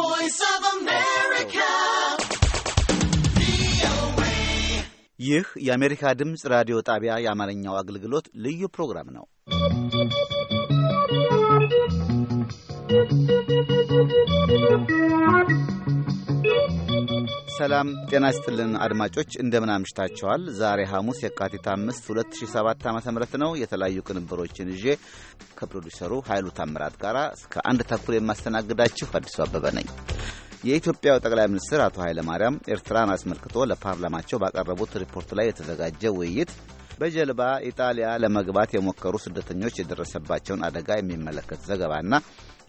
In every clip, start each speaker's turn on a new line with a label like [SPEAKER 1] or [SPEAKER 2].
[SPEAKER 1] voice of America.
[SPEAKER 2] ይህ የአሜሪካ ድምፅ ራዲዮ ጣቢያ የአማርኛው አገልግሎት ልዩ ፕሮግራም ነው። ሰላም ጤና ይስጥልን አድማጮች፣ እንደምን አምሽታቸዋል። ዛሬ ሐሙስ የካቲት 5 2007 ዓ ም ነው። የተለያዩ ቅንብሮችን ይዤ ከፕሮዲሰሩ ኃይሉ ታምራት ጋር እስከ አንድ ተኩል የማስተናግዳችሁ አዲሱ አበበ ነኝ። የኢትዮጵያው ጠቅላይ ሚኒስትር አቶ ኃይለ ማርያም ኤርትራን አስመልክቶ ለፓርላማቸው ባቀረቡት ሪፖርት ላይ የተዘጋጀ ውይይት በጀልባ ኢጣሊያ ለመግባት የሞከሩ ስደተኞች የደረሰባቸውን አደጋ የሚመለከት ዘገባና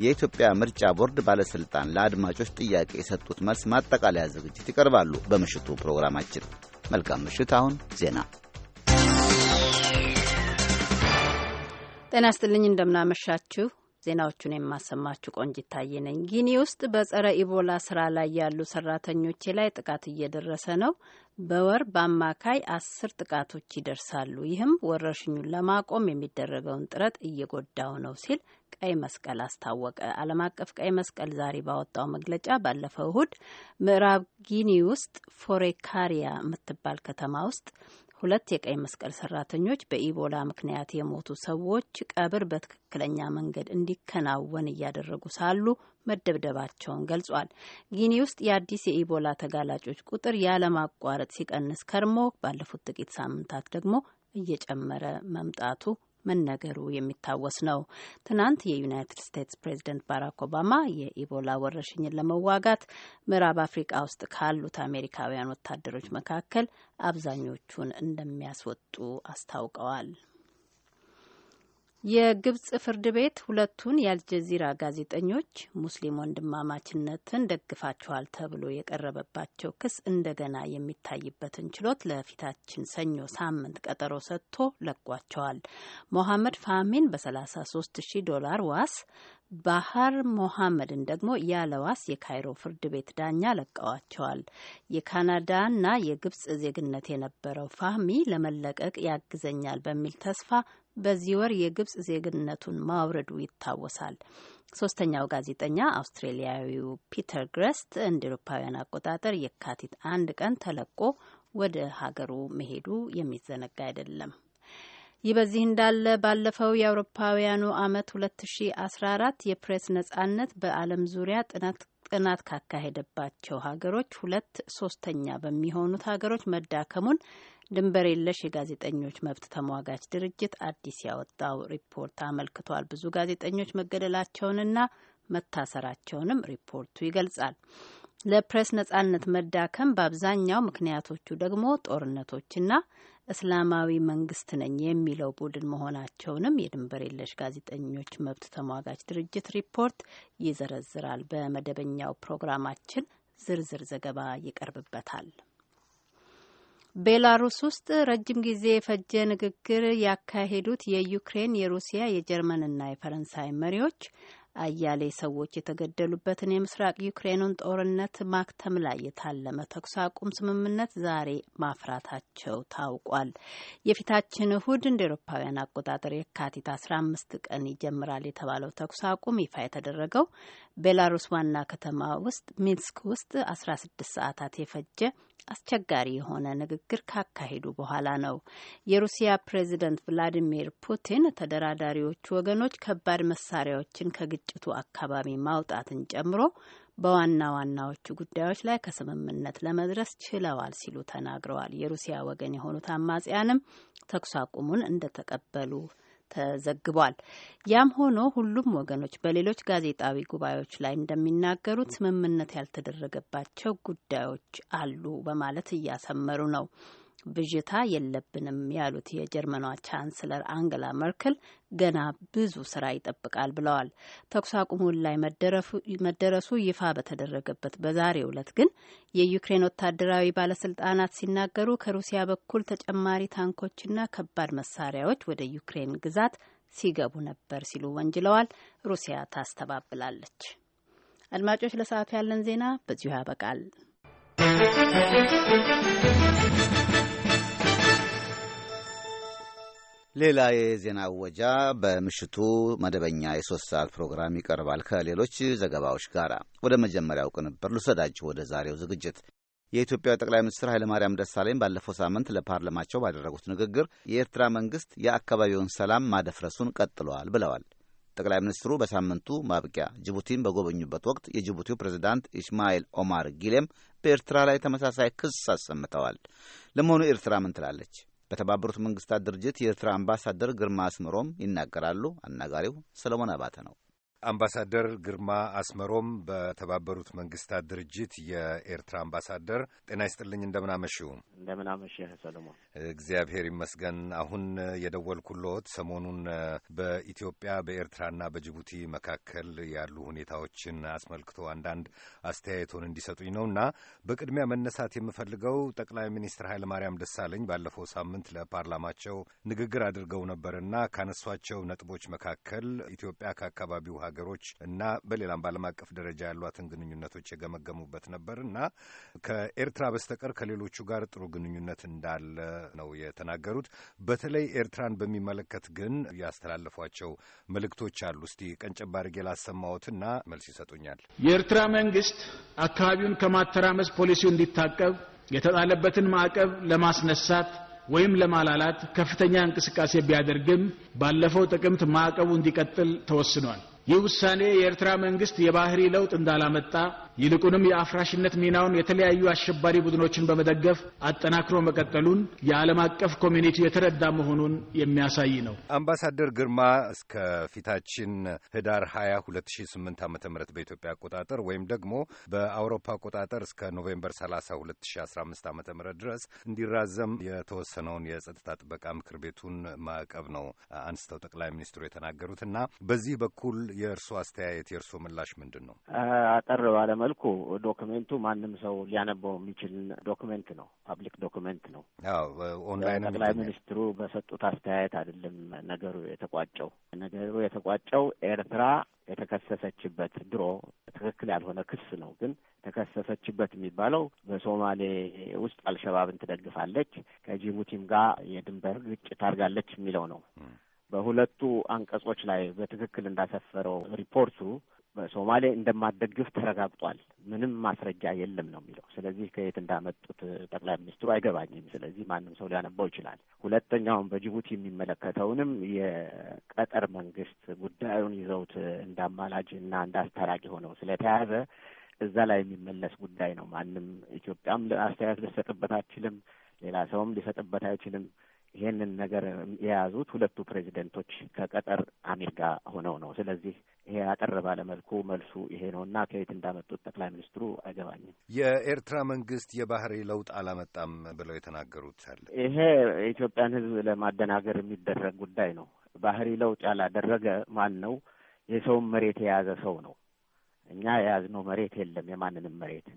[SPEAKER 2] የኢትዮጵያ ምርጫ ቦርድ ባለሥልጣን ለአድማጮች ጥያቄ የሰጡት መልስ ማጠቃለያ ዝግጅት ይቀርባሉ በምሽቱ ፕሮግራማችን። መልካም ምሽት። አሁን ዜና።
[SPEAKER 3] ጤና ይስጥልኝ። እንደምናመሻችሁ ዜናዎቹን የማሰማችሁ ቆንጂት ታዬ ነኝ። ጊኒ ውስጥ በጸረ ኢቦላ ስራ ላይ ያሉ ሰራተኞቼ ላይ ጥቃት እየደረሰ ነው። በወር በአማካይ አስር ጥቃቶች ይደርሳሉ። ይህም ወረርሽኙን ለማቆም የሚደረገውን ጥረት እየጎዳው ነው ሲል ቀይ መስቀል አስታወቀ። ዓለም አቀፍ ቀይ መስቀል ዛሬ ባወጣው መግለጫ ባለፈው እሁድ ምዕራብ ጊኒ ውስጥ ፎሬካሪያ የምትባል ከተማ ውስጥ ሁለት የቀይ መስቀል ሰራተኞች በኢቦላ ምክንያት የሞቱ ሰዎች ቀብር በትክክለኛ መንገድ እንዲከናወን እያደረጉ ሳሉ መደብደባቸውን ገልጿል። ጊኒ ውስጥ የአዲስ የኢቦላ ተጋላጮች ቁጥር ያለማቋረጥ ሲቀንስ ከርሞ ባለፉት ጥቂት ሳምንታት ደግሞ እየጨመረ መምጣቱ መነገሩ የሚታወስ ነው። ትናንት የዩናይትድ ስቴትስ ፕሬዚደንት ባራክ ኦባማ የኢቦላ ወረርሽኝን ለመዋጋት ምዕራብ አፍሪቃ ውስጥ ካሉት አሜሪካውያን ወታደሮች መካከል አብዛኞቹን እንደሚያስወጡ አስታውቀዋል። የግብጽ ፍርድ ቤት ሁለቱን የአልጀዚራ ጋዜጠኞች ሙስሊም ወንድማማችነትን ደግፋችኋል ተብሎ የቀረበባቸው ክስ እንደገና የሚታይበትን ችሎት ለፊታችን ሰኞ ሳምንት ቀጠሮ ሰጥቶ ለቋቸዋል። ሞሐመድ ፋህሚን በ33 ሺህ ዶላር ዋስ ባህር ሞሐመድን ደግሞ ያለ ዋስ የካይሮ ፍርድ ቤት ዳኛ ለቀዋቸዋል። የካናዳና የግብጽ ዜግነት የነበረው ፋህሚ ለመለቀቅ ያግዘኛል በሚል ተስፋ በዚህ ወር የግብጽ ዜግነቱን ማውረዱ ይታወሳል። ሶስተኛው ጋዜጠኛ አውስትሬሊያዊው ፒተር ግረስት እንደ ኤሮፓውያን አቆጣጠር የካቲት አንድ ቀን ተለቆ ወደ ሀገሩ መሄዱ የሚዘነጋ አይደለም። ይህ በዚህ እንዳለ ባለፈው የአውሮፓውያኑ አመት 2014 የፕሬስ ነጻነት በዓለም ዙሪያ ጥናት ጥናት ካካሄደባቸው ሀገሮች ሁለት ሶስተኛ በሚሆኑት ሀገሮች መዳከሙን ድንበር የለሽ የጋዜጠኞች መብት ተሟጋች ድርጅት አዲስ ያወጣው ሪፖርት አመልክቷል። ብዙ ጋዜጠኞች መገደላቸውንና መታሰራቸውንም ሪፖርቱ ይገልጻል። ለፕሬስ ነጻነት መዳከም በአብዛኛው ምክንያቶቹ ደግሞ ጦርነቶችና እስላማዊ መንግስት ነኝ የሚለው ቡድን መሆናቸውንም የድንበር የለሽ ጋዜጠኞች መብት ተሟጋች ድርጅት ሪፖርት ይዘረዝራል። በመደበኛው ፕሮግራማችን ዝርዝር ዘገባ ይቀርብበታል። ቤላሩስ ውስጥ ረጅም ጊዜ የፈጀ ንግግር ያካሄዱት የዩክሬን፣ የሩሲያ፣ የጀርመንና የፈረንሳይ መሪዎች አያሌ ሰዎች የተገደሉበትን የምስራቅ ዩክሬኑን ጦርነት ማክተም ላይ የታለመ ተኩስ አቁም ስምምነት ዛሬ ማፍራታቸው ታውቋል። የፊታችን እሁድ እንደ ኤሮፓውያን አቆጣጠር የካቲት አስራ አምስት ቀን ይጀምራል የተባለው ተኩስ አቁም ይፋ የተደረገው ቤላሩስ ዋና ከተማ ውስጥ ሚንስክ ውስጥ አስራ ስድስት ሰዓታት የፈጀ አስቸጋሪ የሆነ ንግግር ካካሄዱ በኋላ ነው። የሩሲያ ፕሬዚደንት ቭላዲሚር ፑቲን ተደራዳሪዎቹ ወገኖች ከባድ መሳሪያዎችን ከግ ከግጭቱ አካባቢ ማውጣትን ጨምሮ በዋና ዋናዎቹ ጉዳዮች ላይ ከስምምነት ለመድረስ ችለዋል ሲሉ ተናግረዋል። የሩሲያ ወገን የሆኑት አማጽያንም ተኩስ አቁሙን እንደተቀበሉ ተዘግቧል። ያም ሆኖ ሁሉም ወገኖች በሌሎች ጋዜጣዊ ጉባኤዎች ላይ እንደሚናገሩት ስምምነት ያልተደረገባቸው ጉዳዮች አሉ በማለት እያሰመሩ ነው። ብዥታ የለብንም ያሉት የጀርመኗ ቻንስለር አንገላ መርክል ገና ብዙ ስራ ይጠብቃል ብለዋል። ተኩስ አቁሙን ላይ መደረሱ ይፋ በተደረገበት በዛሬው ዕለት ግን የዩክሬን ወታደራዊ ባለስልጣናት ሲናገሩ ከሩሲያ በኩል ተጨማሪ ታንኮችና ከባድ መሳሪያዎች ወደ ዩክሬን ግዛት ሲገቡ ነበር ሲሉ ወንጅለዋል። ሩሲያ ታስተባብላለች። አድማጮች፣ ለሰዓቱ ያለን ዜና በዚሁ ያበቃል።
[SPEAKER 2] ሌላ የዜና እወጃ በምሽቱ መደበኛ የሶስት ሰዓት ፕሮግራም ይቀርባል። ከሌሎች ዘገባዎች ጋር ወደ መጀመሪያው ቅንብር ልውሰዳችሁ። ወደ ዛሬው ዝግጅት የኢትዮጵያ ጠቅላይ ሚኒስትር ኃይለማርያም ደሳለኝ ባለፈው ሳምንት ለፓርላማቸው ባደረጉት ንግግር የኤርትራ መንግስት የአካባቢውን ሰላም ማደፍረሱን ቀጥለዋል ብለዋል። ጠቅላይ ሚኒስትሩ በሳምንቱ ማብቂያ ጅቡቲን በጎበኙበት ወቅት የጅቡቲው ፕሬዚዳንት ኢስማኤል ኦማር ጊሌም በኤርትራ ላይ ተመሳሳይ ክስ አሰምተዋል። ለመሆኑ ኤርትራ ምን ትላለች? በተባበሩት መንግስታት ድርጅት የኤርትራ አምባሳደር ግርማ አስመሮም ይናገራሉ። አናጋሪው ሰለሞን አባተ ነው።
[SPEAKER 4] አምባሳደር ግርማ አስመሮም በተባበሩት መንግስታት ድርጅት የኤርትራ አምባሳደር፣ ጤና ይስጥልኝ። እንደምናመሽው እንደምናመሽ ሰለሞን። እግዚአብሔር ይመስገን። አሁን የደወልኩሎት ሰሞኑን በኢትዮጵያ በኤርትራና በጅቡቲ መካከል ያሉ ሁኔታዎችን አስመልክቶ አንዳንድ አስተያየቶን እንዲሰጡኝ ነው እና በቅድሚያ መነሳት የምፈልገው ጠቅላይ ሚኒስትር ኃይለማርያም ማርያም ደሳለኝ ባለፈው ሳምንት ለፓርላማቸው ንግግር አድርገው ነበርና ካነሷቸው ነጥቦች መካከል ኢትዮጵያ ከአካባቢው ሀገሮች እና በሌላም በዓለም አቀፍ ደረጃ ያሏትን ግንኙነቶች የገመገሙበት ነበር እና ከኤርትራ በስተቀር ከሌሎቹ ጋር ጥሩ ግንኙነት እንዳለ ነው የተናገሩት። በተለይ ኤርትራን በሚመለከት ግን ያስተላለፏቸው መልእክቶች አሉ። እስቲ ቀንጨብ አድርጌ ላሰማዎትና መልስ ይሰጡኛል።
[SPEAKER 5] የኤርትራ መንግስት አካባቢውን ከማተራመስ ፖሊሲው እንዲታቀብ የተጣለበትን ማዕቀብ ለማስነሳት ወይም ለማላላት ከፍተኛ እንቅስቃሴ ቢያደርግም ባለፈው ጥቅምት ማዕቀቡ እንዲቀጥል ተወስኗል። ይህ ውሳኔ የኤርትራ መንግስት የባህሪ ለውጥ እንዳላመጣ ይልቁንም የአፍራሽነት ሚናውን የተለያዩ አሸባሪ ቡድኖችን በመደገፍ አጠናክሮ መቀጠሉን የዓለም አቀፍ ኮሚኒቲ የተረዳ መሆኑን የሚያሳይ
[SPEAKER 4] ነው። አምባሳደር ግርማ እስከ ፊታችን ህዳር 20 2008 ዓ ም በኢትዮጵያ አቆጣጠር ወይም ደግሞ በአውሮፓ አቆጣጠር እስከ ኖቬምበር 30 2015 ዓ ም ድረስ እንዲራዘም የተወሰነውን የጸጥታ ጥበቃ ምክር ቤቱን ማዕቀብ ነው አንስተው ጠቅላይ ሚኒስትሩ የተናገሩት እና በዚህ በኩል የእርሶ አስተያየት የእርሶ ምላሽ ምንድን ነው?
[SPEAKER 6] አጠር ባለመልኩ ዶክመንቱ ማንም ሰው ሊያነበው የሚችል ዶክመንት ነው፣ ፓብሊክ ዶክመንት ነው።
[SPEAKER 4] ኦንላይን ጠቅላይ ሚኒስትሩ
[SPEAKER 6] በሰጡት አስተያየት አይደለም ነገሩ የተቋጨው። ነገሩ የተቋጨው ኤርትራ የተከሰሰችበት ድሮ ትክክል ያልሆነ ክስ ነው። ግን ተከሰሰችበት የሚባለው በሶማሌ ውስጥ አልሸባብን ትደግፋለች፣ ከጅቡቲም ጋር የድንበር ግጭት አድርጋለች የሚለው ነው። በሁለቱ አንቀጾች ላይ በትክክል እንዳሰፈረው ሪፖርቱ በሶማሌ እንደማደግፍ ተረጋግጧል፣ ምንም ማስረጃ የለም ነው የሚለው። ስለዚህ ከየት እንዳመጡት ጠቅላይ ሚኒስትሩ አይገባኝም። ስለዚህ ማንም ሰው ሊያነባው ይችላል። ሁለተኛውም በጅቡቲ የሚመለከተውንም የቀጠር መንግስት ጉዳዩን ይዘውት እንዳማላጅ እና እንዳስታራቂ ሆነው ስለተያዘ እዛ ላይ የሚመለስ ጉዳይ ነው። ማንም ኢትዮጵያም አስተያየት ልሰጥበት አይችልም? ሌላ ሰውም ሊሰጥበት አይችልም። ይሄንን ነገር የያዙት ሁለቱ ፕሬዚደንቶች ከቀጠር አሚር ጋር ሆነው ነው። ስለዚህ ይሄ አጠር ባለመልኩ መልሱ ይሄ ነው እና ከየት እንዳመጡት ጠቅላይ ሚኒስትሩ አይገባኝም።
[SPEAKER 4] የኤርትራ መንግስት የባህሪ ለውጥ አላመጣም ብለው የተናገሩት አለ።
[SPEAKER 6] ይሄ የኢትዮጵያን ሕዝብ ለማደናገር የሚደረግ ጉዳይ ነው። ባህሪ ለውጥ ያላደረገ ማን ነው? የሰውን መሬት የያዘ ሰው ነው። እኛ የያዝነው መሬት የለም፣ የማንንም መሬት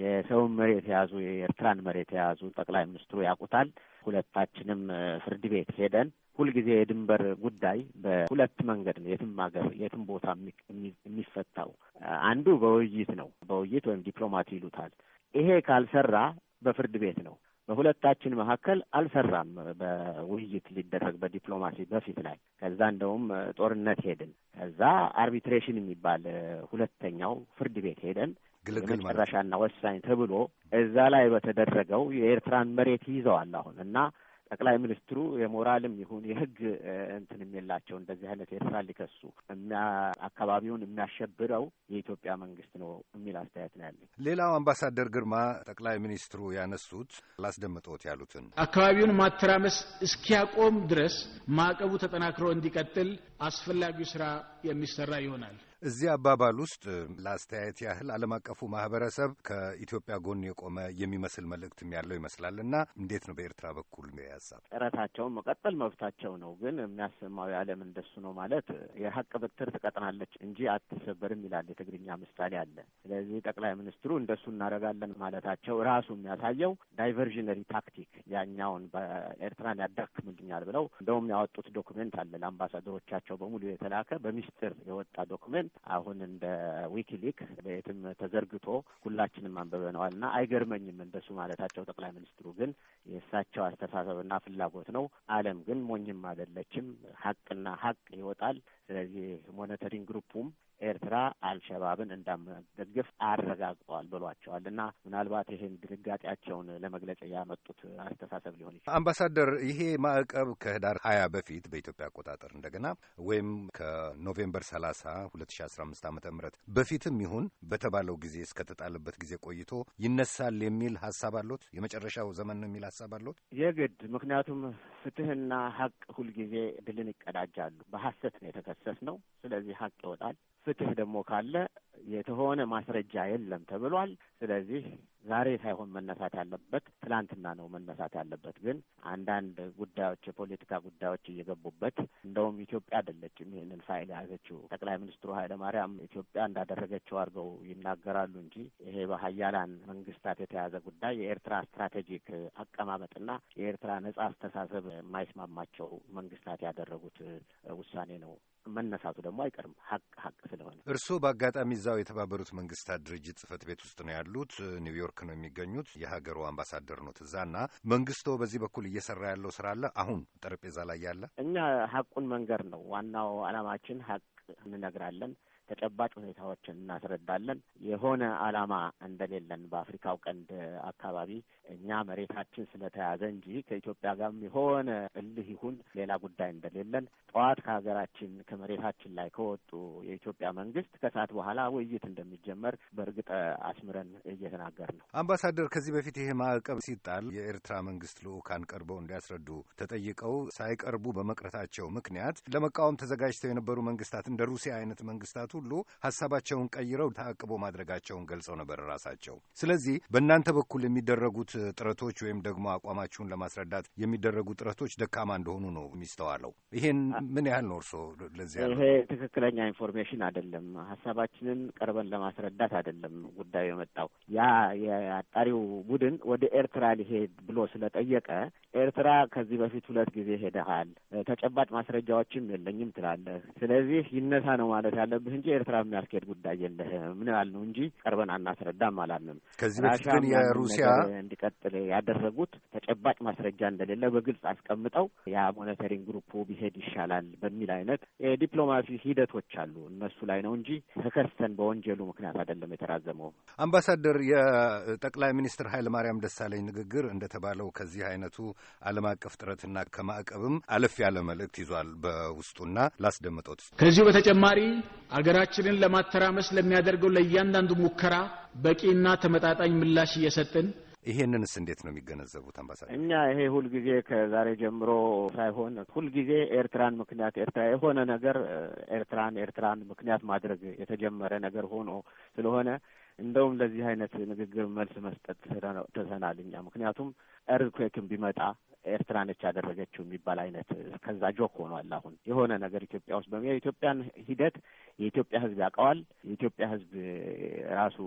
[SPEAKER 6] የሰውን መሬት የያዙ የኤርትራን መሬት የያዙ ጠቅላይ ሚኒስትሩ ያውቁታል። ሁለታችንም ፍርድ ቤት ሄደን ሁልጊዜ የድንበር ጉዳይ በሁለት መንገድ ነው የትም ሀገር የትም ቦታ የሚፈታው። አንዱ በውይይት ነው፣ በውይይት ወይም ዲፕሎማት ይሉታል። ይሄ ካልሰራ በፍርድ ቤት ነው። በሁለታችን መካከል አልሰራም። በውይይት ሊደረግ በዲፕሎማሲ በፊት ላይ ከዛ እንደውም ጦርነት ሄድን። ከዛ አርቢትሬሽን የሚባል ሁለተኛው ፍርድ ቤት ሄደን ግልግል መጨረሻና ወሳኝ ተብሎ እዛ ላይ በተደረገው የኤርትራን መሬት ይዘዋል አሁን እና ጠቅላይ ሚኒስትሩ የሞራልም ይሁን የሕግ እንትን የላቸው እንደዚህ አይነት ኤርትራ ሊከሱ
[SPEAKER 4] አካባቢውን የሚያሸብረው የኢትዮጵያ መንግስት ነው የሚል አስተያየት ነው ያለኝ። ሌላው አምባሳደር ግርማ ጠቅላይ ሚኒስትሩ ያነሱት ላስደምጦት ያሉትን
[SPEAKER 5] አካባቢውን ማተራመስ እስኪያቆም ድረስ ማዕቀቡ ተጠናክሮ እንዲቀጥል አስፈላጊው ስራ የሚሰራ ይሆናል።
[SPEAKER 4] እዚህ አባባል ውስጥ ለአስተያየት ያህል ዓለም አቀፉ ማህበረሰብ ከኢትዮጵያ ጎን የቆመ የሚመስል መልእክትም ያለው ይመስላል እና እንዴት ነው በኤርትራ በኩል የያዛት?
[SPEAKER 6] ጥረታቸውን መቀጠል መብታቸው ነው። ግን የሚያሰማው የዓለም እንደሱ ነው ማለት የሀቅ ብትር ትቀጥናለች እንጂ አትሰበርም ይላል የትግርኛ ምሳሌ አለ። ስለዚህ ጠቅላይ ሚኒስትሩ እንደሱ እናደርጋለን ማለታቸው ራሱ የሚያሳየው ዳይቨርዥነሪ ታክቲክ ያኛውን በኤርትራን ያዳክምልኛል ብለው እንደውም ያወጡት ዶክሜንት አለ ለአምባሳደሮቻቸው በሙሉ የተላከ በሚስጥር የወጣ ዶክሜንት ግን አሁን እንደ ዊኪሊክ በየትም ተዘርግቶ ሁላችንም አንብበነዋል እና አይገርመኝም እንደሱ ማለታቸው። ጠቅላይ ሚኒስትሩ ግን የእሳቸው አስተሳሰብና ፍላጎት ነው። ዓለም ግን ሞኝም አይደለችም። ሀቅና ሀቅ ይወጣል። ስለዚህ ሞኒተሪንግ ግሩፑም ኤርትራ አልሸባብን እንደማደገፍ አረጋግጠዋል ብሏቸዋል። እና ምናልባት ይህን ድንጋጤያቸውን ለመግለጽ ያመጡት አስተሳሰብ ሊሆን
[SPEAKER 4] ይችላል። አምባሳደር፣ ይሄ ማዕቀብ ከህዳር ሀያ በፊት በኢትዮጵያ አቆጣጠር እንደገና ወይም ከኖቬምበር ሰላሳ ሁለት ሺ አስራ አምስት ዓመተ ምህረት በፊትም ይሁን በተባለው ጊዜ እስከተጣለበት ጊዜ ቆይቶ ይነሳል የሚል ሀሳብ አሎት? የመጨረሻው ዘመን ነው የሚል ሀሳብ አሎት? የግድ ምክንያቱም
[SPEAKER 6] ፍትህና ሀቅ ሁልጊዜ ድልን ይቀዳጃሉ። በሀሰት ነው የተከሰስ ነው። ስለዚህ ሀቅ ይወጣል። ፍትህ ደግሞ ካለ የተሆነ ማስረጃ የለም ተብሏል። ስለዚህ ዛሬ ሳይሆን መነሳት ያለበት ትላንትና ነው መነሳት ያለበት። ግን አንዳንድ ጉዳዮች የፖለቲካ ጉዳዮች እየገቡበት እንደውም ኢትዮጵያ አይደለችም ይህንን ፋይል የያዘችው ጠቅላይ ሚኒስትሩ ኃይለማርያም ኢትዮጵያ እንዳደረገችው አድርገው ይናገራሉ እንጂ ይሄ በሀያላን መንግስታት የተያዘ ጉዳይ የኤርትራ ስትራቴጂክ አቀማመጥና የኤርትራ ነጻ አስተሳሰብ የማይስማማቸው መንግስታት ያደረጉት ውሳኔ ነው መነሳቱ ደግሞ አይቀርም ሀቅ ሀቅ ስለሆነ።
[SPEAKER 4] እርስዎ በአጋጣሚ እዛው የተባበሩት መንግስታት ድርጅት ጽህፈት ቤት ውስጥ ነው ያሉት፣ ኒውዮርክ ነው የሚገኙት፣ የሀገሩ አምባሳደር ነው። እዛ እና መንግስቶ በዚህ በኩል እየሰራ ያለው ስራ አለ አሁን ጠረጴዛ ላይ ያለ።
[SPEAKER 6] እኛ ሀቁን መንገር ነው ዋናው አላማችን፣ ሀቅ እንነግራለን። ተጨባጭ ሁኔታዎችን እናስረዳለን። የሆነ ዓላማ እንደሌለን በአፍሪካው ቀንድ አካባቢ እኛ መሬታችን ስለተያዘ እንጂ ከኢትዮጵያ ጋርም የሆነ እልህ ይሁን ሌላ ጉዳይ እንደሌለን ጠዋት ከሀገራችን ከመሬታችን ላይ ከወጡ የኢትዮጵያ መንግስት ከሰዓት በኋላ ውይይት እንደሚጀመር በእርግጥ አስምረን እየተናገር ነው።
[SPEAKER 4] አምባሳደር፣ ከዚህ በፊት ይሄ ማዕቀብ ሲጣል የኤርትራ መንግስት ልዑካን ቀርበው እንዲያስረዱ ተጠይቀው ሳይቀርቡ በመቅረታቸው ምክንያት ለመቃወም ተዘጋጅተው የነበሩ መንግስታት እንደ ሩሲያ አይነት መንግስታቱ ሁሉ ሀሳባቸውን ቀይረው ተአቅቦ ማድረጋቸውን ገልጸው ነበር ራሳቸው። ስለዚህ በእናንተ በኩል የሚደረጉት ጥረቶች ወይም ደግሞ አቋማችሁን ለማስረዳት የሚደረጉ ጥረቶች ደካማ እንደሆኑ ነው የሚስተዋለው። ይሄን ምን ያህል ነው እርስዎ ለዚህ ይሄ ትክክለኛ ኢንፎርሜሽን
[SPEAKER 6] አይደለም። ሀሳባችንን ቀርበን ለማስረዳት አይደለም ጉዳዩ የመጣው ያ የአጣሪው ቡድን ወደ ኤርትራ ሊሄድ ብሎ ስለጠየቀ ኤርትራ ከዚህ በፊት ሁለት ጊዜ ሄደሃል፣ ተጨባጭ ማስረጃዎችም የለኝም ትላለህ። ስለዚህ ይነሳ ነው ማለት ያለብህ እንጂ እንጂ ኤርትራ የሚያስኬድ ጉዳይ የለህም ነው እንጂ ቀርበን አናስረዳም አላልንም። ከዚህ በፊት ግን የሩሲያ እንዲቀጥል ያደረጉት ተጨባጭ ማስረጃ እንደሌለ በግልጽ አስቀምጠው ያ ሞኒተሪንግ ግሩፑ ቢሄድ ይሻላል በሚል አይነት የዲፕሎማሲ ሂደቶች አሉ። እነሱ ላይ ነው እንጂ ተከስተን በወንጀሉ ምክንያት አይደለም የተራዘመው።
[SPEAKER 4] አምባሳደር፣ የጠቅላይ ሚኒስትር ኃይለ ማርያም ደሳለኝ ንግግር እንደተባለው ከዚህ አይነቱ ዓለም አቀፍ ጥረትና ከማዕቀብም አለፍ ያለ መልእክት ይዟል በውስጡና ላስደምጦት ከዚሁ በተጨማሪ
[SPEAKER 5] አገር ሀገራችንን ለማተራመስ ለሚያደርገው ለእያንዳንዱ ሙከራ በቂና ተመጣጣኝ ምላሽ
[SPEAKER 4] እየሰጥን ይሄንንስ እንዴት ነው የሚገነዘቡት አምባሳደር?
[SPEAKER 6] እኛ ይሄ ሁልጊዜ ከዛሬ ጀምሮ ሳይሆን ሁልጊዜ ኤርትራን ምክንያት ኤርትራ የሆነ ነገር ኤርትራን ኤርትራን ምክንያት ማድረግ የተጀመረ ነገር ሆኖ ስለሆነ እንደውም ለዚህ አይነት ንግግር መልስ መስጠት ተሰናል እኛ ምክንያቱም እርኩክም ቢመጣ ኤርትራ ነች ያደረገችው የሚባል አይነት ከዛ ጆክ ሆኗል። አሁን የሆነ ነገር ኢትዮጵያ ውስጥ በሚ የኢትዮጵያን ሂደት
[SPEAKER 4] የኢትዮጵያ ሕዝብ ያውቀዋል፣ የኢትዮጵያ ሕዝብ ራሱ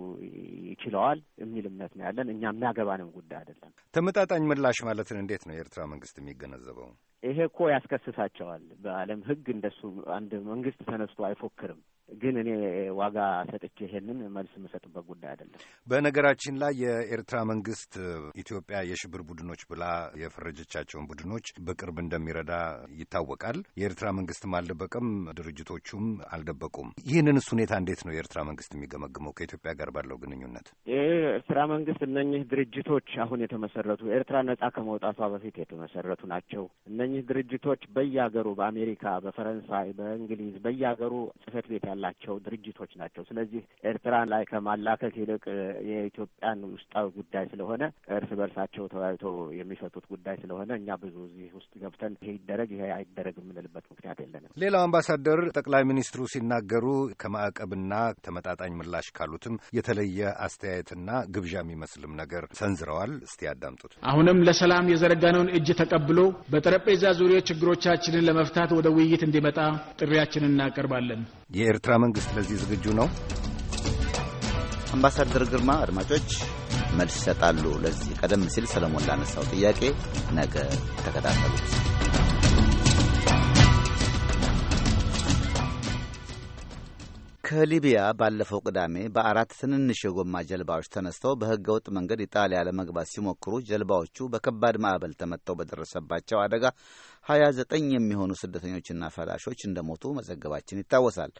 [SPEAKER 4] ይችለዋል የሚል እምነት ነው ያለን። እኛ የሚያገባንም ጉዳይ አይደለም። ተመጣጣኝ ምላሽ ማለትን እንዴት ነው የኤርትራ መንግስት የሚገነዘበው? ይሄ እኮ ያስከስሳቸዋል። በዓለም ሕግ እንደሱ አንድ መንግስት ተነስቶ አይፎክርም።
[SPEAKER 6] ግን እኔ ዋጋ ሰጥቼ ይሄንን መልስ የምሰጥበት ጉዳይ
[SPEAKER 4] አይደለም። በነገራችን ላይ የኤርትራ መንግስት ኢትዮጵያ የሽብር ቡድኖች ብላ የፈረጀቻቸውን ቡድኖች በቅርብ እንደሚረዳ ይታወቃል። የኤርትራ መንግስትም አልደበቀም፣ ድርጅቶቹም አልደበቁም። ይህንንስ ሁኔታ እንዴት ነው የኤርትራ መንግስት የሚገመግመው ከኢትዮጵያ ጋር ባለው ግንኙነት?
[SPEAKER 6] የኤርትራ መንግስት እነኚህ ድርጅቶች አሁን የተመሰረቱ ኤርትራ ነጻ ከመውጣቷ በፊት የተመሰረቱ ናቸው። እነኚህ ድርጅቶች በየሀገሩ በአሜሪካ፣ በፈረንሳይ፣ በእንግሊዝ በየሀገሩ ጽህፈት ቤት ያለ ያላቸው ድርጅቶች ናቸው። ስለዚህ ኤርትራ ላይ ከማላከት ይልቅ የኢትዮጵያን ውስጣዊ ጉዳይ ስለሆነ እርስ በርሳቸው ተወያይቶ የሚፈቱት ጉዳይ ስለሆነ እኛ ብዙ እዚህ ውስጥ ገብተን ይሄ ይደረግ ይሄ አይደረግ የምንልበት ምክንያት የለንም።
[SPEAKER 4] ሌላው አምባሳደር ጠቅላይ ሚኒስትሩ ሲናገሩ ከማዕቀብና ተመጣጣኝ ምላሽ ካሉትም የተለየ አስተያየትና ግብዣ የሚመስልም ነገር ሰንዝረዋል። እስቲ ያዳምጡት።
[SPEAKER 5] አሁንም ለሰላም የዘረጋነውን እጅ ተቀብሎ በጠረጴዛ ዙሪያ ችግሮቻችንን ለመፍታት ወደ ውይይት እንዲመጣ ጥሪያችንን እናቀርባለን።
[SPEAKER 4] የኤርትራ የኤርትራ
[SPEAKER 2] መንግሥት ለዚህ ዝግጁ ነው? አምባሳደር ግርማ አድማጮች መልስ ይሰጣሉ። ለዚህ ቀደም ሲል ሰለሞን ላነሳው ጥያቄ ነገ ተከታተሉት። ከሊቢያ ባለፈው ቅዳሜ በአራት ትንንሽ የጎማ ጀልባዎች ተነስተው በሕገ ወጥ መንገድ ኢጣሊያ ለመግባት ሲሞክሩ ጀልባዎቹ በከባድ ማዕበል ተመተው በደረሰባቸው አደጋ ሀያ ዘጠኝ የሚሆኑ ስደተኞችና ፈላሾች እንደሞቱ መዘገባችን ይታወሳል።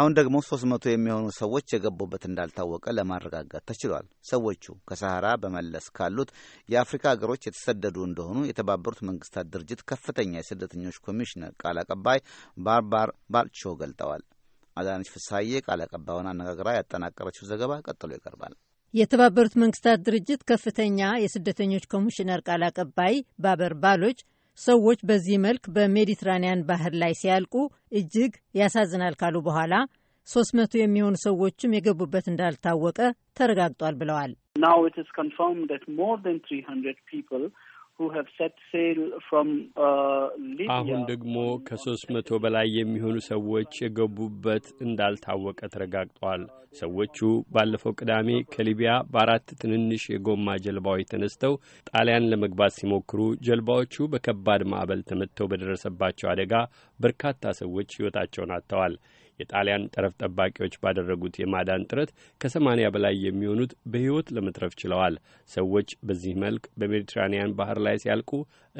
[SPEAKER 2] አሁን ደግሞ 300 የሚሆኑ ሰዎች የገቡበት እንዳልታወቀ ለማረጋገጥ ተችሏል። ሰዎቹ ከሰሐራ በመለስ ካሉት የአፍሪካ ሀገሮች የተሰደዱ እንደሆኑ የተባበሩት መንግስታት ድርጅት ከፍተኛ የስደተኞች ኮሚሽነር ቃል አቀባይ ባርባር ባልቾ ገልጠዋል። አዳነች ፍሳዬ ቃል አቀባዩን አነጋግራ ያጠናቀረችው ዘገባ ቀጥሎ ይቀርባል።
[SPEAKER 7] የተባበሩት መንግስታት ድርጅት ከፍተኛ የስደተኞች ኮሚሽነር ቃል አቀባይ ባበር ባሎች ሰዎች በዚህ መልክ በሜዲትራንያን ባህር ላይ ሲያልቁ እጅግ ያሳዝናል ካሉ በኋላ ሶስት መቶ የሚሆኑ ሰዎችም የገቡበት እንዳልታወቀ ተረጋግጧል ብለዋል።
[SPEAKER 5] Uh, አሁን
[SPEAKER 8] ደግሞ ከሶስት መቶ በላይ የሚሆኑ ሰዎች የገቡበት እንዳልታወቀ ተረጋግጧል። ሰዎቹ ባለፈው ቅዳሜ ከሊቢያ በአራት ትንንሽ የጎማ ጀልባዎች ተነስተው ጣሊያን ለመግባት ሲሞክሩ ጀልባዎቹ በከባድ ማዕበል ተመትተው በደረሰባቸው አደጋ በርካታ ሰዎች ሕይወታቸውን አጥተዋል። የጣሊያን ጠረፍ ጠባቂዎች ባደረጉት የማዳን ጥረት ከሰማኒያ በላይ የሚሆኑት በሕይወት ለመትረፍ ችለዋል። ሰዎች በዚህ መልክ በሜዲትራኒያን ባህር ላይ ሲያልቁ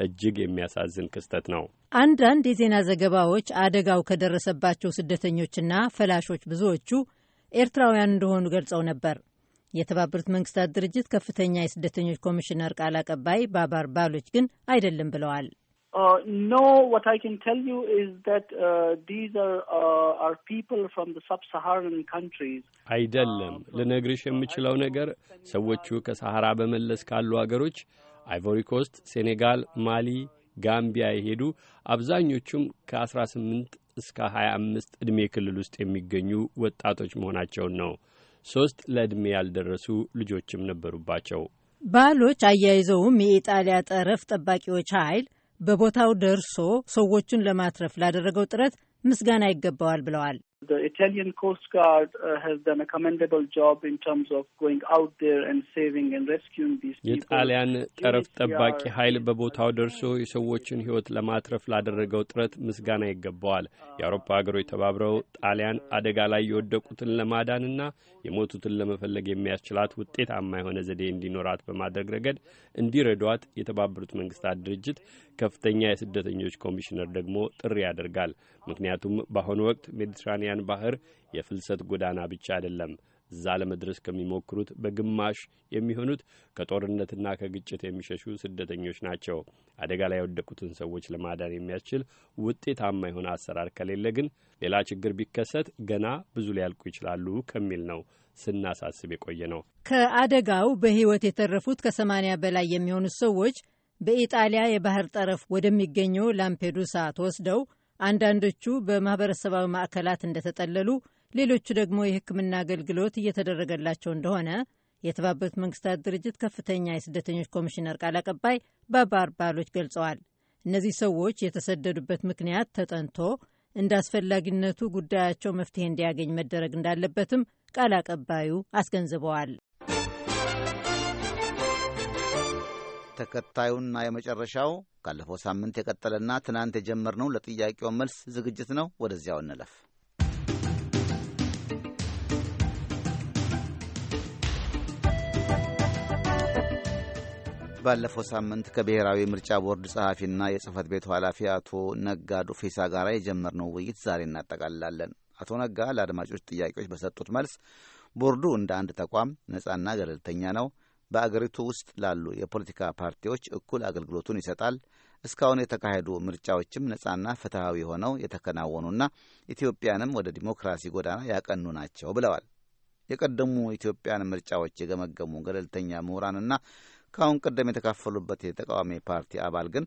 [SPEAKER 8] እጅግ የሚያሳዝን ክስተት ነው።
[SPEAKER 7] አንዳንድ የዜና ዘገባዎች አደጋው ከደረሰባቸው ስደተኞችና ፈላሾች ብዙዎቹ ኤርትራውያን እንደሆኑ ገልጸው ነበር። የተባበሩት መንግስታት ድርጅት ከፍተኛ የስደተኞች ኮሚሽነር ቃል አቀባይ ባባር ባሎች ግን አይደለም ብለዋል። Uh,
[SPEAKER 5] no, what I can tell you is that uh, these are uh, are people from the sub-Saharan countries.
[SPEAKER 8] አይደለም uh, ልነግርሽ uh, የምችለው ነገር ሰዎቹ ከሳሐራ በመለስ ካሉ አገሮች አይቮሪ ኮስት፣ ሴኔጋል፣ ማሊ፣ ጋምቢያ የሄዱ አብዛኞቹም ከ18 እስከ 25 አምስት ዕድሜ ክልል ውስጥ የሚገኙ ወጣቶች መሆናቸውን ነው። ሶስት ለዕድሜ ያልደረሱ ልጆችም ነበሩባቸው።
[SPEAKER 7] ባሎች አያይዘውም የኢጣሊያ ጠረፍ ጠባቂዎች ኃይል በቦታው ደርሶ ሰዎቹን ለማትረፍ ላደረገው ጥረት ምስጋና ይገባዋል ብለዋል። The Italian
[SPEAKER 5] Coast Guard uh, has done a commendable job in terms of going out there and saving and rescuing these people. የጣሊያን ጠረፍ ጠባቂ ኃይል
[SPEAKER 8] በቦታው ደርሶ የሰዎችን ሕይወት ለማትረፍ ላደረገው ጥረት ምስጋና ይገባዋል። የአውሮፓ ሀገሮች ተባብረው ጣሊያን አደጋ ላይ የወደቁትን ለማዳንና የሞቱትን ለመፈለግ የሚያስችላት ውጤታማ የሆነ ዘዴ እንዲኖራት በማድረግ ረገድ እንዲረዷት የተባበሩት መንግስታት ድርጅት ከፍተኛ የስደተኞች ኮሚሽነር ደግሞ ጥሪ ያደርጋል። ምክንያቱም በአሁኑ ወቅት ሜዲትራኒያ የሜዲትራንያን ባህር የፍልሰት ጎዳና ብቻ አይደለም። እዛ ለመድረስ ከሚሞክሩት በግማሽ የሚሆኑት ከጦርነትና ከግጭት የሚሸሹ ስደተኞች ናቸው። አደጋ ላይ የወደቁትን ሰዎች ለማዳን የሚያስችል ውጤታማ የሆነ አሰራር ከሌለ ግን ሌላ ችግር ቢከሰት ገና ብዙ ሊያልቁ ይችላሉ ከሚል ነው ስናሳስብ የቆየ ነው።
[SPEAKER 7] ከአደጋው በሕይወት የተረፉት ከሰማንያ በላይ የሚሆኑት ሰዎች በኢጣሊያ የባህር ጠረፍ ወደሚገኘው ላምፔዱሳ ተወስደው አንዳንዶቹ በማህበረሰባዊ ማዕከላት እንደተጠለሉ፣ ሌሎቹ ደግሞ የሕክምና አገልግሎት እየተደረገላቸው እንደሆነ የተባበሩት መንግስታት ድርጅት ከፍተኛ የስደተኞች ኮሚሽነር ቃል አቀባይ ባባር ባሎች ገልጸዋል። እነዚህ ሰዎች የተሰደዱበት ምክንያት ተጠንቶ እንደ አስፈላጊነቱ ጉዳያቸው መፍትሄ እንዲያገኝ መደረግ እንዳለበትም ቃል አቀባዩ አስገንዝበዋል።
[SPEAKER 2] ተከታዩና የመጨረሻው ካለፈው ሳምንት የቀጠለና ትናንት የጀመርነው ለጥያቄው መልስ ዝግጅት ነው። ወደዚያው እንለፍ። ባለፈው ሳምንት ከብሔራዊ ምርጫ ቦርድ ጸሐፊና የጽህፈት ቤቱ ኃላፊ አቶ ነጋ ዱፌሳ ጋር የጀመርነው ውይይት ዛሬ እናጠቃልላለን። አቶ ነጋ ለአድማጮች ጥያቄዎች በሰጡት መልስ ቦርዱ እንደ አንድ ተቋም ነጻና ገለልተኛ ነው በአገሪቱ ውስጥ ላሉ የፖለቲካ ፓርቲዎች እኩል አገልግሎቱን ይሰጣል። እስካሁን የተካሄዱ ምርጫዎችም ነጻና ፍትሐዊ ሆነው የተከናወኑና ኢትዮጵያንም ወደ ዲሞክራሲ ጎዳና ያቀኑ ናቸው ብለዋል። የቀደሙ ኢትዮጵያን ምርጫዎች የገመገሙ ገለልተኛ ምሁራንና ከአሁን ቀደም የተካፈሉበት የተቃዋሚ ፓርቲ አባል ግን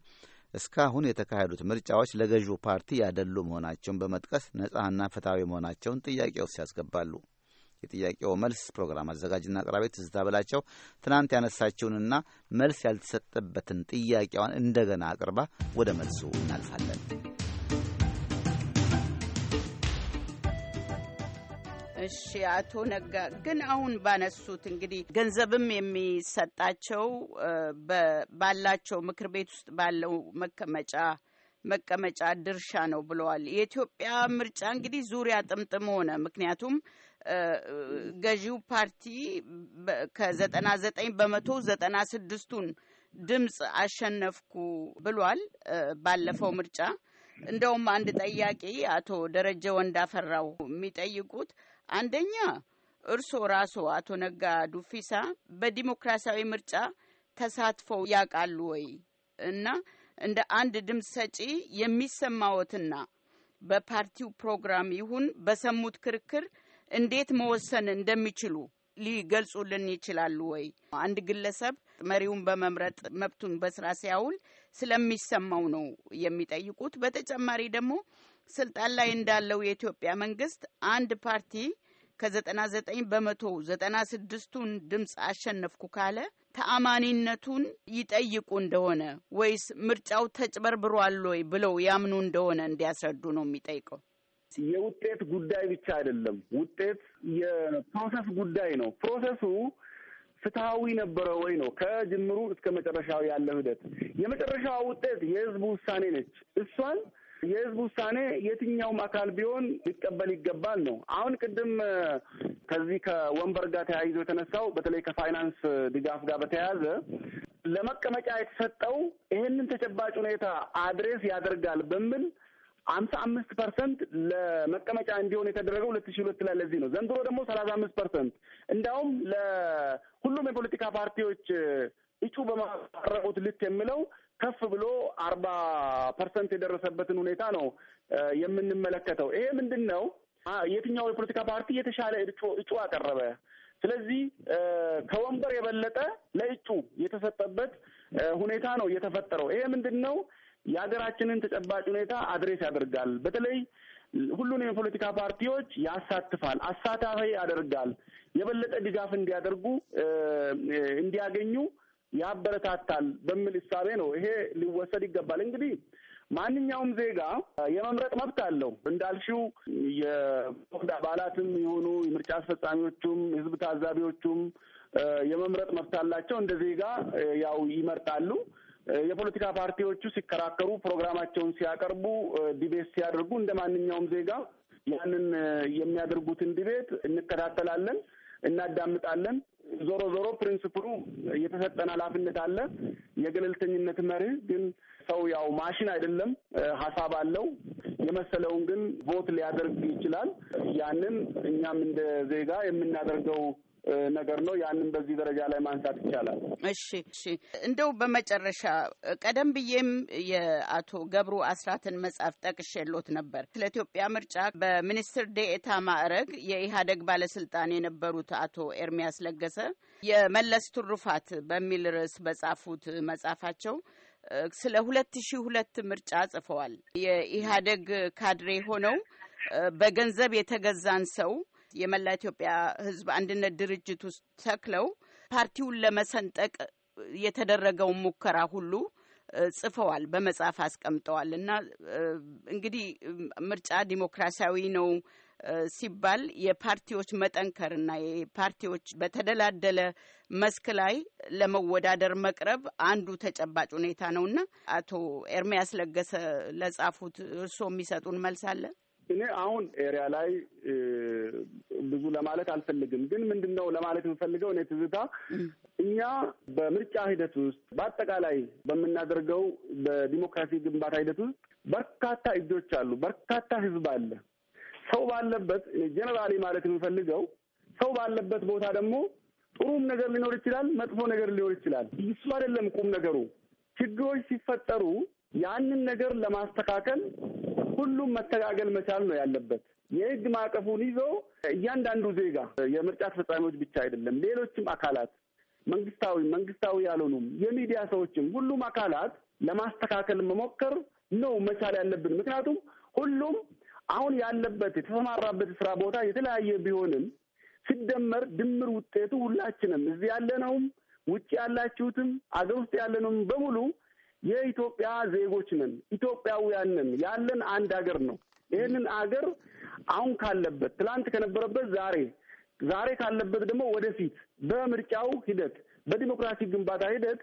[SPEAKER 2] እስካሁን የተካሄዱት ምርጫዎች ለገዢው ፓርቲ ያደሉ መሆናቸውን በመጥቀስ ነጻና ፍትሐዊ መሆናቸውን ጥያቄ ውስጥ ያስገባሉ። የጥያቄው መልስ ፕሮግራም አዘጋጅና አቅራቢ ትዝታ በላቸው ትናንት ያነሳችውንና መልስ ያልተሰጠበትን ጥያቄዋን እንደገና አቅርባ ወደ መልሱ
[SPEAKER 9] እናልፋለን። እሺ አቶ ነጋ ግን አሁን ባነሱት እንግዲህ ገንዘብም የሚሰጣቸው ባላቸው ምክር ቤት ውስጥ ባለው መቀመጫ መቀመጫ ድርሻ ነው ብለዋል። የኢትዮጵያ ምርጫ እንግዲህ ዙሪያ ጥምጥም ሆነ። ምክንያቱም ገዢው ፓርቲ ከዘጠና ዘጠኝ በመቶ ዘጠና ስድስቱን ድምፅ አሸነፍኩ ብሏል ባለፈው ምርጫ። እንደውም አንድ ጠያቂ አቶ ደረጀ ወንዳፈራው የሚጠይቁት አንደኛ እርስዎ ራስዎ አቶ ነጋ ዱፊሳ በዲሞክራሲያዊ ምርጫ ተሳትፈው ያውቃሉ ወይ እና እንደ አንድ ድምፅ ሰጪ የሚሰማዎትና በፓርቲው ፕሮግራም ይሁን በሰሙት ክርክር እንዴት መወሰን እንደሚችሉ ሊገልጹልን ይችላሉ ወይ? አንድ ግለሰብ መሪውን በመምረጥ መብቱን በስራ ሲያውል ስለሚሰማው ነው የሚጠይቁት። በተጨማሪ ደግሞ ስልጣን ላይ እንዳለው የኢትዮጵያ መንግስት አንድ ፓርቲ ከዘጠና ዘጠኝ በመቶ ዘጠና ስድስቱን ድምፅ አሸነፍኩ ካለ ተአማኒነቱን ይጠይቁ እንደሆነ ወይስ ምርጫው ተጭበርብሯል ወይ ብለው ያምኑ እንደሆነ እንዲያስረዱ ነው የሚጠይቀው።
[SPEAKER 1] የውጤት ጉዳይ ብቻ አይደለም። ውጤት የፕሮሰስ ጉዳይ ነው። ፕሮሰሱ ፍትሐዊ ነበረ ወይ ነው ከጅምሩ እስከ መጨረሻው ያለ ሂደት። የመጨረሻዋ ውጤት የህዝቡ ውሳኔ ነች። እሷን የህዝብ ውሳኔ የትኛውም አካል ቢሆን ሊቀበል ይገባል ነው። አሁን ቅድም ከዚህ ከወንበር ጋር ተያይዞ የተነሳው በተለይ ከፋይናንስ ድጋፍ ጋር በተያያዘ ለመቀመጫ የተሰጠው ይህንን ተጨባጭ ሁኔታ አድሬስ ያደርጋል በሚል አምሳ አምስት ፐርሰንት ለመቀመጫ እንዲሆን የተደረገው ሁለት ሺ ሁለት ላይ ለዚህ ነው። ዘንድሮ ደግሞ ሰላሳ አምስት ፐርሰንት እንዲያውም ለሁሉም የፖለቲካ ፓርቲዎች እጩ በማቀረቡት ልክ የሚለው ከፍ ብሎ አርባ ፐርሰንት የደረሰበትን ሁኔታ ነው የምንመለከተው። ይሄ ምንድን ነው? የትኛው የፖለቲካ ፓርቲ የተሻለ እጩ አቀረበ። ስለዚህ ከወንበር የበለጠ ለእጩ የተሰጠበት ሁኔታ ነው የተፈጠረው። ይሄ ምንድን ነው የሀገራችንን ተጨባጭ ሁኔታ አድሬስ ያደርጋል። በተለይ ሁሉንም የፖለቲካ ፓርቲዎች ያሳትፋል፣ አሳታፊ ያደርጋል። የበለጠ ድጋፍ እንዲያደርጉ እንዲያገኙ ያበረታታል በሚል እሳቤ ነው ይሄ ሊወሰድ ይገባል። እንግዲህ ማንኛውም ዜጋ የመምረጥ መብት አለው። እንዳልሽው የቦርድ አባላትም የሆኑ የምርጫ አስፈጻሚዎቹም የህዝብ ታዛቢዎቹም የመምረጥ መብት አላቸው። እንደ ዜጋ ያው ይመርጣሉ። የፖለቲካ ፓርቲዎቹ ሲከራከሩ፣ ፕሮግራማቸውን ሲያቀርቡ፣ ዲቤት ሲያደርጉ እንደ ማንኛውም ዜጋ ያንን የሚያደርጉትን ዲቤት እንከታተላለን፣ እናዳምጣለን። ዞሮ ዞሮ ፕሪንስፕሉ የተሰጠን ኃላፊነት አለ። የገለልተኝነት መርህ ግን ሰው ያው ማሽን አይደለም፣ ሀሳብ አለው። የመሰለውን ግን ቮት ሊያደርግ ይችላል። ያንን እኛም እንደ ዜጋ የምናደርገው ነገር ነው። ያንን በዚህ ደረጃ ላይ ማንሳት ይቻላል።
[SPEAKER 9] እሺ፣ እሺ። እንደው በመጨረሻ ቀደም ብዬም የአቶ ገብሩ አስራትን መጽሐፍ ጠቅሼሎት ነበር። ስለ ኢትዮጵያ ምርጫ በሚኒስትር ዴኤታ ማዕረግ የኢህአደግ ባለስልጣን የነበሩት አቶ ኤርሚያስ ለገሰ የመለስ ትሩፋት በሚል ርዕስ በጻፉት መጽሐፋቸው ስለ ሁለት ሺ ሁለት ምርጫ ጽፈዋል። የኢህአደግ ካድሬ ሆነው በገንዘብ የተገዛን ሰው የመላ ኢትዮጵያ ሕዝብ አንድነት ድርጅት ውስጥ ተክለው ፓርቲውን ለመሰንጠቅ የተደረገውን ሙከራ ሁሉ ጽፈዋል፣ በመጽሐፍ አስቀምጠዋል። እና እንግዲህ ምርጫ ዲሞክራሲያዊ ነው ሲባል የፓርቲዎች መጠንከርና የፓርቲዎች በተደላደለ መስክ ላይ ለመወዳደር መቅረብ አንዱ ተጨባጭ ሁኔታ ነውና አቶ ኤርሚያስ ለገሰ ለጻፉት እርስዎ የሚሰጡን መልስ አለ?
[SPEAKER 1] እኔ አሁን ኤሪያ ላይ ብዙ ለማለት አልፈልግም፣ ግን ምንድን ነው ለማለት የምፈልገው እኔ ትዝታ እኛ በምርጫ ሂደት ውስጥ በአጠቃላይ በምናደርገው በዲሞክራሲ ግንባታ ሂደት ውስጥ በርካታ እጆች አሉ፣ በርካታ ህዝብ አለ። ሰው ባለበት ጀነራሊ ማለት የምፈልገው ሰው ባለበት ቦታ ደግሞ ጥሩም ነገር ሊኖር ይችላል፣ መጥፎ ነገር ሊኖር ይችላል። እሱ አይደለም ቁም ነገሩ። ችግሮች ሲፈጠሩ ያንን ነገር ለማስተካከል ሁሉም መተጋገል መቻል ነው ያለበት። የህግ ማዕቀፉን ይዞ እያንዳንዱ ዜጋ የምርጫ አስፈጻሚዎች ብቻ አይደለም፣ ሌሎችም አካላት መንግስታዊ፣ መንግስታዊ ያልሆኑም የሚዲያ ሰዎችም፣ ሁሉም አካላት ለማስተካከል መሞከር ነው መቻል ያለብን። ምክንያቱም ሁሉም አሁን ያለበት የተሰማራበት ስራ ቦታ የተለያየ ቢሆንም ሲደመር ድምር ውጤቱ ሁላችንም እዚህ ያለነውም ውጭ ያላችሁትም አገር ውስጥ ያለነውም በሙሉ የኢትዮጵያ ዜጎች ነን፣ ኢትዮጵያውያን ነን። ያለን አንድ ሀገር ነው። ይህንን አገር አሁን ካለበት ትላንት ከነበረበት ዛሬ ዛሬ ካለበት ደግሞ ወደፊት በምርጫው ሂደት በዲሞክራሲ ግንባታ ሂደት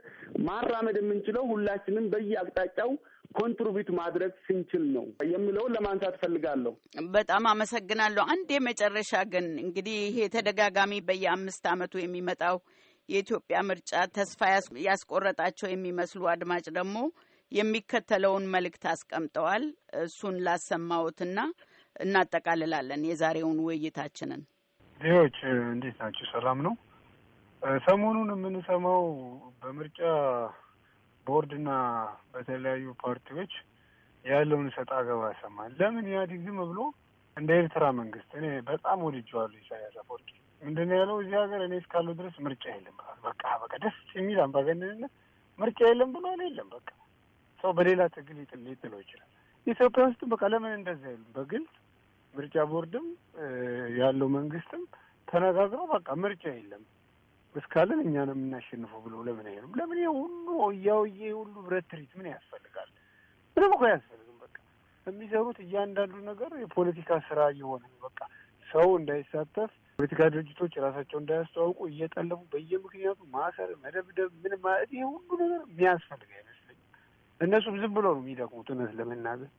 [SPEAKER 1] ማራመድ የምንችለው ሁላችንም በየአቅጣጫው ኮንትሪቢዩት ማድረግ ስንችል ነው የሚለውን ለማንሳት እፈልጋለሁ።
[SPEAKER 9] በጣም አመሰግናለሁ። አንድ የመጨረሻ ግን እንግዲህ ይሄ ተደጋጋሚ በየአምስት ዓመቱ የሚመጣው የኢትዮጵያ ምርጫ ተስፋ ያስቆረጣቸው የሚመስሉ አድማጭ ደግሞ የሚከተለውን መልእክት አስቀምጠዋል። እሱን ላሰማዎትና እናጠቃልላለን የዛሬውን ውይይታችንን።
[SPEAKER 10] ዜዎች እንዴት ናቸው? ሰላም ነው። ሰሞኑን የምንሰማው በምርጫ ቦርድና በተለያዩ ፓርቲዎች ያለውን ሰጣ ገባ ያሰማል። ለምን ኢህአዴግ ዝም ብሎ እንደ ኤርትራ መንግስት እኔ በጣም ወድጀዋለሁ ኢሳያስ አፈወርቂ ምንድን ነው ያለው? እዚህ ሀገር እኔ እስካሉ ድረስ ምርጫ የለም ብሏል። በቃ በቃ ደስ የሚል አምባገነንነት ምርጫ የለም ብሏል። የለም በቃ ሰው በሌላ ትግል ሊጥለው ይችላል። ኢትዮጵያ ውስጥ በቃ ለምን እንደዚህ አይሉም? በግልጽ ምርጫ ቦርድም ያለው መንግስትም ተነጋግረው በቃ ምርጫ የለም እስካለን እኛ ነው የምናሸንፈው ብሎ ለምን አይሉም? ለምን ይሄ ሁሉ እያውዬ ሁሉ ብረት ትርኢት ምን ያስፈልጋል? ምንም እኮ አያስፈልግም። በቃ የሚሰሩት እያንዳንዱ ነገር የፖለቲካ ስራ እየሆነ በቃ ሰው እንዳይሳተፍ ፖለቲካ ድርጅቶች ራሳቸው እንዳያስተዋውቁ እየጠለፉ በየምክንያቱ ማሰር፣ መደብደብ፣ ምን ማለት ይሄ ሁሉ ነገር የሚያስፈልግ አይመስለኝም። እነሱም ዝም ብሎ ነው የሚደክሙት። እውነት ለመናገር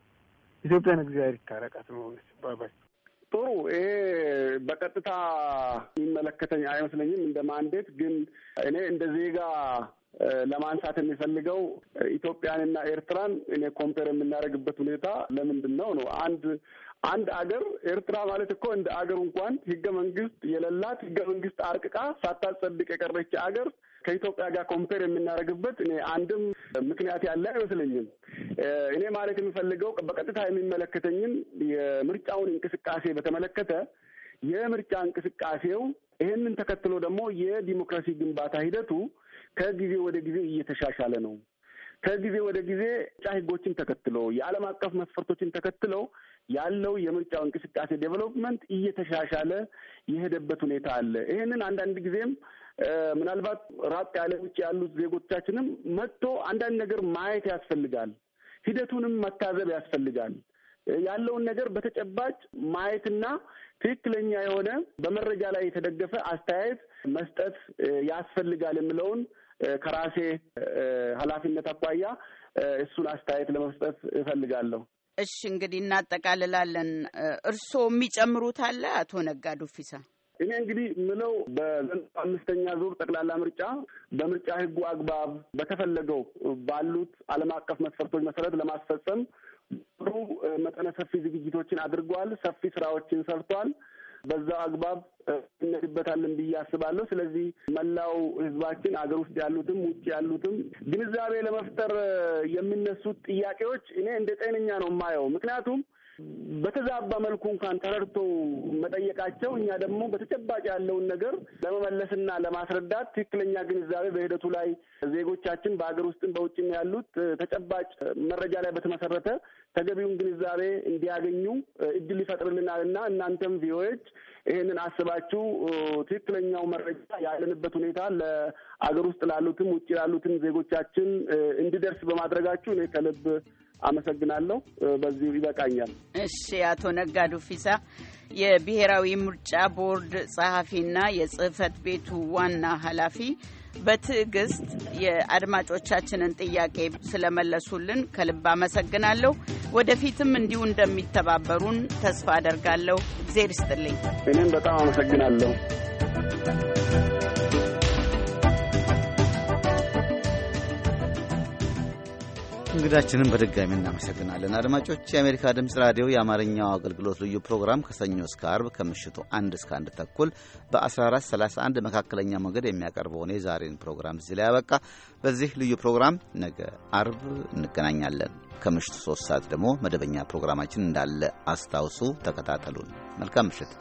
[SPEAKER 10] ኢትዮጵያን እግዚአብሔር ይታረቃት ነው ባባይ ጥሩ። ይሄ
[SPEAKER 1] በቀጥታ የሚመለከተኝ አይመስለኝም። እንደ ማንዴት ግን እኔ እንደ ዜጋ ለማንሳት የሚፈልገው ኢትዮጵያንና ኤርትራን እኔ ኮምፔር የምናደርግበት ሁኔታ ለምንድን ነው ነው አንድ አንድ አገር ኤርትራ ማለት እኮ እንደ አገር እንኳን ህገ መንግስት የሌላት ህገ መንግስት አርቅቃ ሳታጸድቅ የቀረች አገር ከኢትዮጵያ ጋር ኮምፔር የምናደርግበት እኔ አንድም ምክንያት ያለ አይመስለኝም። እኔ ማለት የምፈልገው በቀጥታ የሚመለከተኝን የምርጫውን እንቅስቃሴ በተመለከተ የምርጫ እንቅስቃሴው ይህንን ተከትሎ ደግሞ የዲሞክራሲ ግንባታ ሂደቱ ከጊዜ ወደ ጊዜ እየተሻሻለ ነው። ከጊዜ ወደ ጊዜ ጫ ህጎችን ተከትሎ የዓለም አቀፍ መስፈርቶችን ተከትለው ያለው የምርጫው እንቅስቃሴ ዴቨሎፕመንት እየተሻሻለ የሄደበት ሁኔታ አለ። ይህንን አንዳንድ ጊዜም ምናልባት ራቅ ያለ ውጭ ያሉት ዜጎቻችንም መጥቶ አንዳንድ ነገር ማየት ያስፈልጋል። ሂደቱንም መታዘብ ያስፈልጋል። ያለውን ነገር በተጨባጭ ማየትና ትክክለኛ የሆነ በመረጃ ላይ የተደገፈ አስተያየት መስጠት ያስፈልጋል የምለውን ከራሴ ኃላፊነት አኳያ እሱን አስተያየት ለመስጠት እፈልጋለሁ።
[SPEAKER 9] እሺ እንግዲህ እናጠቃልላለን። እርስዎ የሚጨምሩት አለ አቶ ነጋዱ ፊሳ?
[SPEAKER 1] እኔ እንግዲህ ምለው በዘንድሮ አምስተኛ ዙር ጠቅላላ ምርጫ በምርጫ ሕጉ አግባብ በተፈለገው ባሉት ዓለም አቀፍ መስፈርቶች መሰረት ለማስፈጸም ጥሩ መጠነ ሰፊ ዝግጅቶችን አድርጓል። ሰፊ ስራዎችን ሰርቷል። በዛው አግባብ እነድበታለን ብዬ አስባለሁ። ስለዚህ መላው ህዝባችን አገር ውስጥ ያሉትም ውጭ ያሉትም ግንዛቤ ለመፍጠር የሚነሱት ጥያቄዎች እኔ እንደ ጤነኛ ነው የማየው። ምክንያቱም በተዛባ መልኩ እንኳን ተረድቶ መጠየቃቸው እኛ ደግሞ በተጨባጭ ያለውን ነገር ለመመለስና ለማስረዳት ትክክለኛ ግንዛቤ በሂደቱ ላይ ዜጎቻችን በሀገር ውስጥም በውጭም ያሉት ተጨባጭ መረጃ ላይ በተመሰረተ ተገቢውን ግንዛቤ እንዲያገኙ እድል ይፈጥርልናል እና እናንተም ቪኦኤዎች ይህንን አስባችሁ ትክክለኛው መረጃ ያለንበት ሁኔታ ለአገር ውስጥ ላሉትም ውጭ ላሉትም ዜጎቻችን እንዲደርስ በማድረጋችሁ እኔ ከልብ አመሰግናለሁ። በዚሁ ይበቃኛል።
[SPEAKER 9] እሺ፣ አቶ ነጋዱ ፊሳ የብሔራዊ ምርጫ ቦርድ ጸሐፊና የጽህፈት ቤቱ ዋና ኃላፊ በትዕግስት የአድማጮቻችንን ጥያቄ ስለመለሱልን ከልብ አመሰግናለሁ። ወደፊትም እንዲሁ እንደሚተባበሩን ተስፋ አደርጋለሁ። እግዜር ይስጥልኝ። እኔም
[SPEAKER 1] በጣም አመሰግናለሁ።
[SPEAKER 2] እንግዳችንን በድጋሚ እናመሰግናለን። አድማጮች፣ የአሜሪካ ድምፅ ራዲዮ የአማርኛው አገልግሎት ልዩ ፕሮግራም ከሰኞ እስከ አርብ ከምሽቱ አንድ እስከ አንድ ተኩል በ1431 መካከለኛ ሞገድ የሚያቀርበውን የዛሬን ፕሮግራም እዚህ ላይ ያበቃ። በዚህ ልዩ ፕሮግራም ነገ አርብ እንገናኛለን። ከምሽቱ ሶስት ሰዓት ደግሞ መደበኛ ፕሮግራማችን እንዳለ አስታውሱ። ተከታተሉን። መልካም ምሽት።